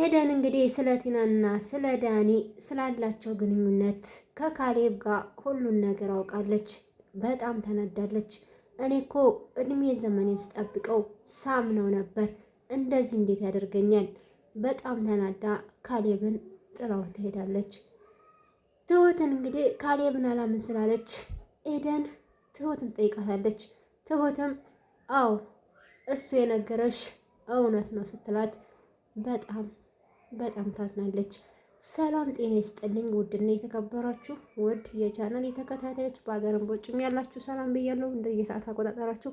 ኤደን እንግዲህ ስለ ቲናና ስለ ዳኒ ስላላቸው ግንኙነት ከካሌብ ጋር ሁሉን ነገር አውቃለች። በጣም ተናዳለች። እኔ እኮ እድሜ ዘመኔን ስጠብቀው ሳም ነው ነበር እንደዚህ እንዴት ያደርገኛል? በጣም ተናዳ ካሌብን ጥላው ትሄዳለች። ትሁትን እንግዲህ ካሌብን አላምን ስላለች ኤደን ትሁትን ጠይቃታለች። ትሁትም አዎ እሱ የነገረሽ እውነት ነው ስትላት በጣም በጣም ታዝናለች። ሰላም ጤና ይስጥልኝ። ውድና የተከበራችሁ ውድ የቻናል የተከታታዮች በሀገርም በውጭም ያላችሁ ሰላም ብያለሁ። እንደ የሰዓት አቆጣጠራችሁ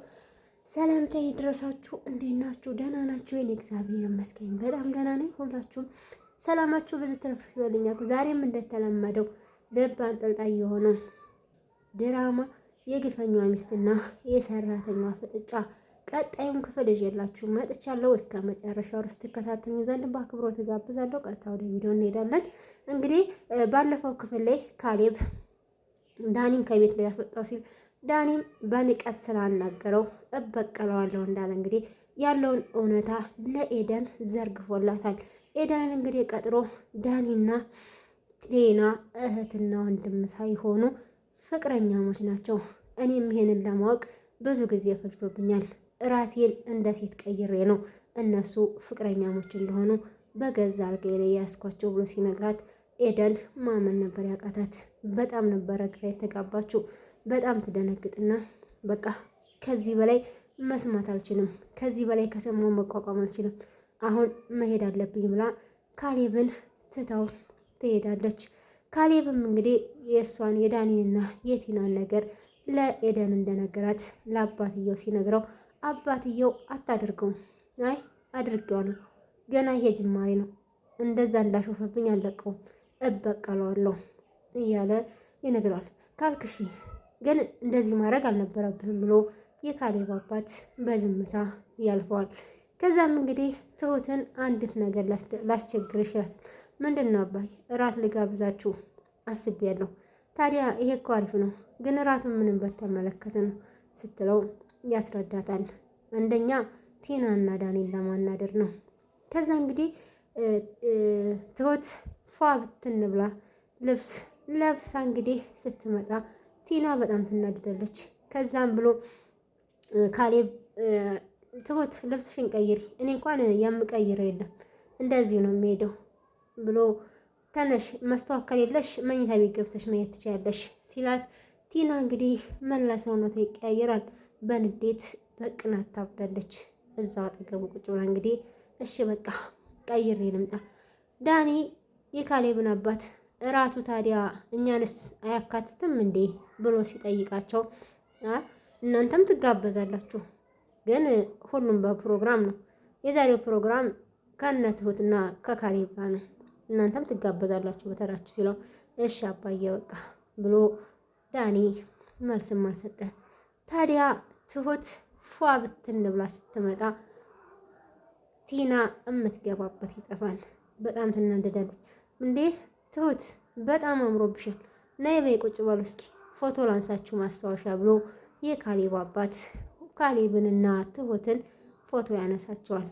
ሰላምታ ይድረሳችሁ። እንዴት ናችሁ? ደህና ናችሁ? የኔ እግዚአብሔር ይመስገን በጣም ደህና ነኝ። ሁላችሁም ሰላማችሁ ብዙ ትርፍ ይበልኛል። ዛሬም እንደተለመደው ልብ አንጠልጣይ የሆነው ድራማ የግፈኛዋ ሚስትና የሰራተኛዋ ፍጥጫ ቀጣዩን ክፍል ይዤላችሁ መጥቻለሁ። እስከ መጨረሻው ድረስ ትከታተሉ ዘንድ በአክብሮ ትጋብዛለሁ። ቀጥታ ወደ ቪዲዮ እንሄዳለን። እንግዲህ ባለፈው ክፍል ላይ ካሌብ ዳኒን ከቤት ላይ ያስወጣው ሲል ዳኒም በንቀት ስላናገረው እበቀለዋለሁ እንዳለ እንግዲህ ያለውን እውነታ ለኤደን ዘርግፎላታል። ኤደንን እንግዲህ ቀጥሮ ዳኒና ቴና እህትና ወንድም ሳይሆኑ ፍቅረኛሞች ናቸው። እኔም ይሄንን ለማወቅ ብዙ ጊዜ ፈጅቶብኛል። ራሴን እንደ ሴት ቀይሬ ነው እነሱ ፍቅረኛሞች እንደሆኑ በገዛ አልጋዬ ላይ ያስኳቸው ብሎ ሲነግራት ኤደን ማመን ነበር ያቃታት። በጣም ነበረ ግራ የተጋባችው። በጣም ትደነግጥና በቃ ከዚህ በላይ መስማት አልችልም፣ ከዚህ በላይ ከሰማው መቋቋም አልችልም፣ አሁን መሄድ አለብኝ ብላ ካሌብን ትታው ትሄዳለች። ካሌብም እንግዲህ የእሷን የዳኒንና የቲናን ነገር ለኤደን እንደነገራት ለአባትየው ሲነግረው አባትየው አታድርገው አይ አድርጌዋለሁ፣ ገና ይሄ ጅማሬ ነው፣ እንደዛ እንዳሾፈብኝ አልለቀውም፣ እበቀለዋለሁ እያለ ይነግረዋል። ካልክሺ ግን እንደዚህ ማድረግ አልነበረብህም ብሎ የካሌብ አባት በዝምታ ያልፈዋል። ከዛም እንግዲህ ትሁትን አንዲት ነገር ላስቸግር ይችላል። ምንድን ነው አባይ? እራት ልጋብዛችሁ አስቤያለሁ። ታዲያ ይሄ እኮ አሪፍ ነው፣ ግን እራቱን ምንም በተመለከተ ነው ስትለው ያስረዳታል። አንደኛ ቲና እና ዳኒን ለማናደር ነው። ከዛ እንግዲህ ትሁት ፏ ብትን ብላ ልብስ ለብሳ እንግዲህ ስትመጣ ቲና በጣም ትናደዳለች። ከዛም ብሎ ካሌብ ትሁት ልብስሽን ቀይሪ፣ እኔ እንኳን የምቀይረው የለም እንደዚህ ነው የሚሄደው ብሎ ተነሽ፣ መስተዋት ከሌለሽ መኝታ ቤት ገብተሽ መየት ትችያለሽ ሲላት ቲና እንግዲህ መላ ሰውነቷ ይቀያየራል። በንዴት በቅናት ታብዳለች። እዛው አጠገቡ ቁጭ ብላ እንግዲህ እሺ በቃ ቀይሬ ልምጣ። ዳኒ የካሌብን አባት እራቱ ታዲያ እኛንስ አያካትትም እንዴ ብሎ ሲጠይቃቸው እናንተም ትጋበዛላችሁ፣ ግን ሁሉም በፕሮግራም ነው። የዛሬው ፕሮግራም ከነ ትሁትና ከካሌብ ጋር ነው። እናንተም ትጋበዛላችሁ በተራችሁ ሲለው እሺ አባዬ በቃ ብሎ ዳኒ መልስም አልሰጠ ታዲያ ትሁት ፏ ብትን ብላ ስትመጣ ቲና እምትገባበት ይጠፋል። በጣም ትናደዳለች። እንዴ ትሁት በጣም አምሮብሻል፣ ነይ በይ ቁጭ በሉ እስኪ ፎቶ ላንሳችሁ ማስታወሻ ብሎ የካሌብ አባት ካሌብንና ትሁትን ፎቶ ያነሳቸዋል።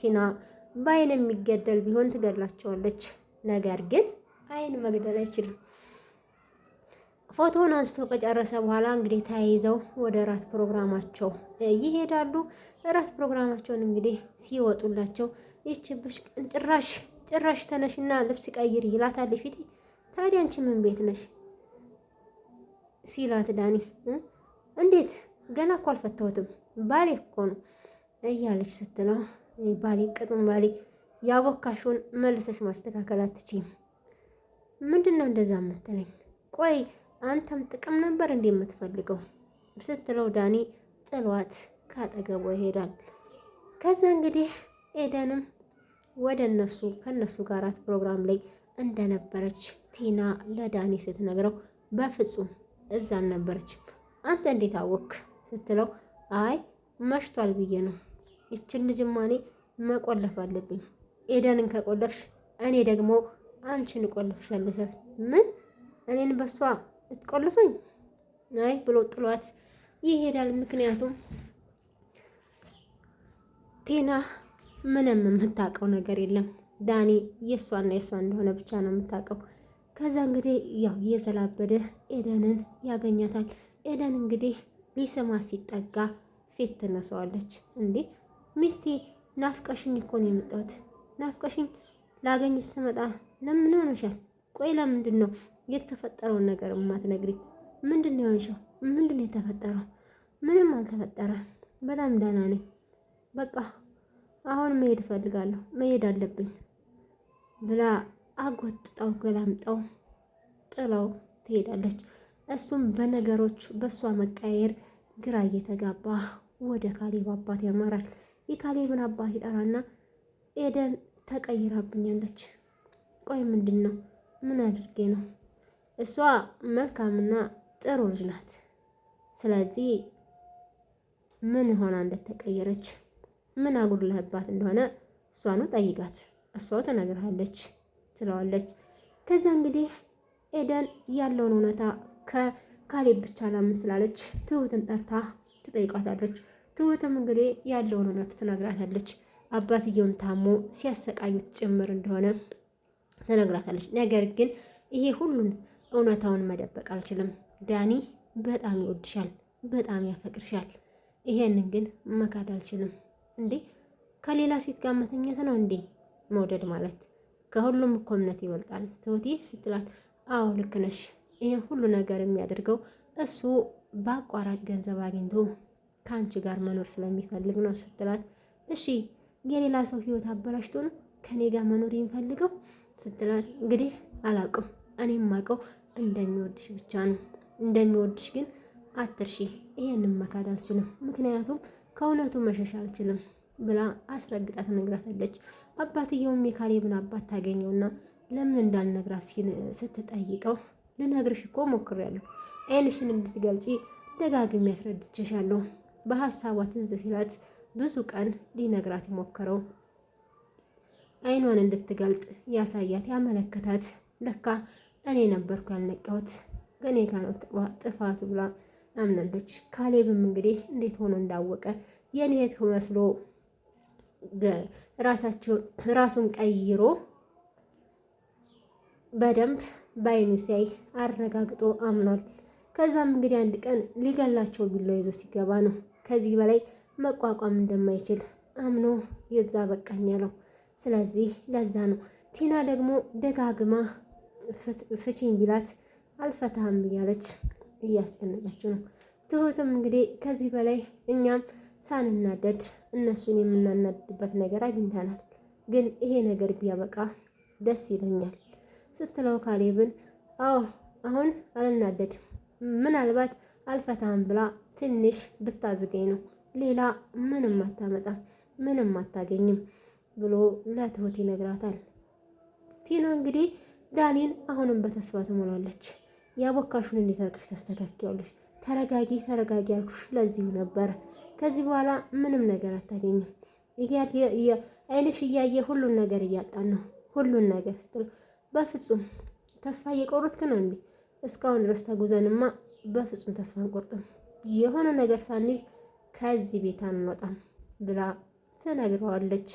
ቲና በአይን የሚገደል ቢሆን ትገድላቸዋለች። ነገር ግን አይን መግደል አይችልም። ፎቶውን አንስቶ ከጨረሰ በኋላ እንግዲህ ተያይዘው ወደ እራት ፕሮግራማቸው ይሄዳሉ። እራት ፕሮግራማቸውን እንግዲህ ሲወጡላቸው ይችብሽ ጭራሽ ጭራሽ ተነሽና ልብስ ቀይር ይላታል። ፊት ታዲያ አንቺ ምን ቤት ነሽ ሲላት ዳኒ እንዴት ገና እኮ አልፈታሁትም ባሌ እኮ ነው እያለች ስትለው ባሌ ቅጡም ባሌ ያቦካሽውን መልሰሽ ማስተካከል አትችይም። ምንድን ነው እንደዛ የምትለኝ? ቆይ አንተም ጥቅም ነበር እንደምትፈልገው ስትለው ዳኒ ጥሏት ካጠገቧ ይሄዳል። ከዛ እንግዲህ ኤደንም ወደ እነሱ ከእነሱ ጋር ፕሮግራም ላይ እንደነበረች ቲና ለዳኒ ስትነግረው በፍጹም እዛ ነበረች አንተ እንዴት አወክ? ስትለው አይ መሽቷል ብዬ ነው። ይችን ልጅማ እኔ መቆለፍ አለብኝ። ኤደንን ከቆለፍሽ እኔ ደግሞ አንቺን እቆልፍሻለሁ። ምን እኔን በሷ ልትቆልፉኝ አይ ብሎ ጥሏት ይሄዳል። ምክንያቱም ቴና ምንም የምታውቀው ነገር የለም። ዳኒ የእሷና የእሷ እንደሆነ ብቻ ነው የምታውቀው። ከዛ እንግዲህ ያው እየዘላበደ ኤደንን ያገኛታል። ኤደን እንግዲህ ሊስማ ሲጠጋ ፊት ትነሳዋለች። እንዴ ሚስቴ ናፍቀሽኝ እኮ ነው የመጣሁት። ናፍቀሽኝ ላገኝሽ ስመጣ ለምን ሆነሻል? ቆይ ለምንድን ነው የተፈጠረውን ነገር የማትነግሪኝ ምንድን ነው ያንሺው? ምንድን ነው የተፈጠረው? ምንም አልተፈጠረም። በጣም ደህና ነኝ። በቃ አሁን መሄድ እፈልጋለሁ፣ መሄድ አለብኝ ብላ አጎጥጣው ገላምጣው ጥላው ትሄዳለች። እሱም በነገሮች በእሷ መቀየር ግራ እየተጋባ ወደ ካሌብ አባት ያመራል። የካሌብን አባት ይጠራና ኤደን ተቀይራብኛለች። ቆይ ምንድን ነው? ምን አድርጌ ነው እሷ መልካምና ጥሩ ልጅ ናት። ስለዚህ ምን ሆና እንደተቀየረች ምን አጉድለህባት እንደሆነ እሷኑ ጠይቃት፣ እሷ ትነግርሃለች ትለዋለች። ከዛ እንግዲህ ኤደን ያለውን እውነታ ከካሌብ ብቻ ላምን ስላለች ትሁትን ጠርታ ትጠይቃታለች። ትሁትም እንግዲህ ያለውን እውነት ትነግራታለች። አባትየውን ታሞ ሲያሰቃዩት ጭምር እንደሆነ ትነግራታለች። ነገር ግን ይሄ ሁሉን እውነታውን መደበቅ አልችልም። ዳኒ በጣም ይወድሻል፣ በጣም ያፈቅርሻል። ይሄንን ግን መካድ አልችልም። እንዴ ከሌላ ሴት ጋር መተኘት ነው እንዴ መውደድ ማለት? ከሁሉም እኮ እምነት ይበልጣል ትሁቴ ስትላት፣ አዎ ልክ ነሽ። ይህን ሁሉ ነገር የሚያደርገው እሱ በአቋራጭ ገንዘብ አግኝቶ ከአንቺ ጋር መኖር ስለሚፈልግ ነው ስትላት፣ እሺ የሌላ ሰው ህይወት አበላሽቶ ነው ከኔ ጋር መኖር የሚፈልገው ስትላት፣ እንግዲህ አላውቅም እኔም አውቀው እንደሚወድሽ ብቻ ነው። እንደሚወድሽ ግን አትርሺ። ይሄን መካድ አልችልም፣ ምክንያቱም ከእውነቱ መሸሽ አልችልም ብላ አስረግጣት ነግራታለች። አባትየውም የካሌብን አባት ታገኘውና ለምን እንዳልነግራት ስትጠይቀው ልነግርሽ እኮ ሞክሬያለሁ፣ ዓይንሽን እንድትገልጪ ደጋግሜ ያስረድቼሻለሁ። በሀሳቧ ትዝ ሲላት ብዙ ቀን ሊነግራት የሞከረው ዓይኗን እንድትገልጥ ያሳያት ያመለከታት ለካ እኔ ነበርኩ ያልነቃሁት ገኔ ጋር ነው ጥፋቱ ብላ አምናለች። ካሌብም እንግዲህ እንዴት ሆኖ እንዳወቀ የኔ እህት መስሎ ራሳቸው ራሱን ቀይሮ በደንብ በአይኑ ሲያይ አረጋግጦ አምኗል። ከዛም እንግዲህ አንድ ቀን ሊገላቸው ቢላ ይዞ ሲገባ ነው ከዚህ በላይ መቋቋም እንደማይችል አምኖ የዛ በቃኝ ያለው ስለዚህ ለዛ ነው ቲና ደግሞ ደጋግማ ፍቺኝ ቢላት አልፈታህም እያለች እያስጨነቀችው ነው። ትሁትም እንግዲህ ከዚህ በላይ እኛም ሳንናደድ እነሱን የምናናድድበት ነገር አግኝተናል፣ ግን ይሄ ነገር ቢያበቃ ደስ ይለኛል ስትለው ካሌብን አዎ አሁን አልናደድ ምናልባት አልፈታህም ብላ ትንሽ ብታዝገኝ ነው ሌላ ምንም አታመጣም፣ ምንም አታገኝም ብሎ ለትሁት ይነግራታል። ቲና እንግዲህ ዳኒን አሁንም በተስፋ ትሞላለች። ያቦካሹን እንዴት አድርገሽ ታስተካክያለሽ? ተረጋጊ ተረጋጊ ያልኩሽ ለዚህ ነበር። ከዚህ በኋላ ምንም ነገር አታገኝም። አይንሽ እያየ ሁሉን ነገር እያጣን ነው ሁሉን ነገር ስትል፣ በፍጹም ተስፋ እየቆረጥክ ነው እንዴ? እስካሁን ድረስ ተጉዘንማ በፍጹም ተስፋ አንቆርጥም። የሆነ ነገር ሳንይዝ ከዚህ ቤት አንወጣም ብላ ትነግረዋለች።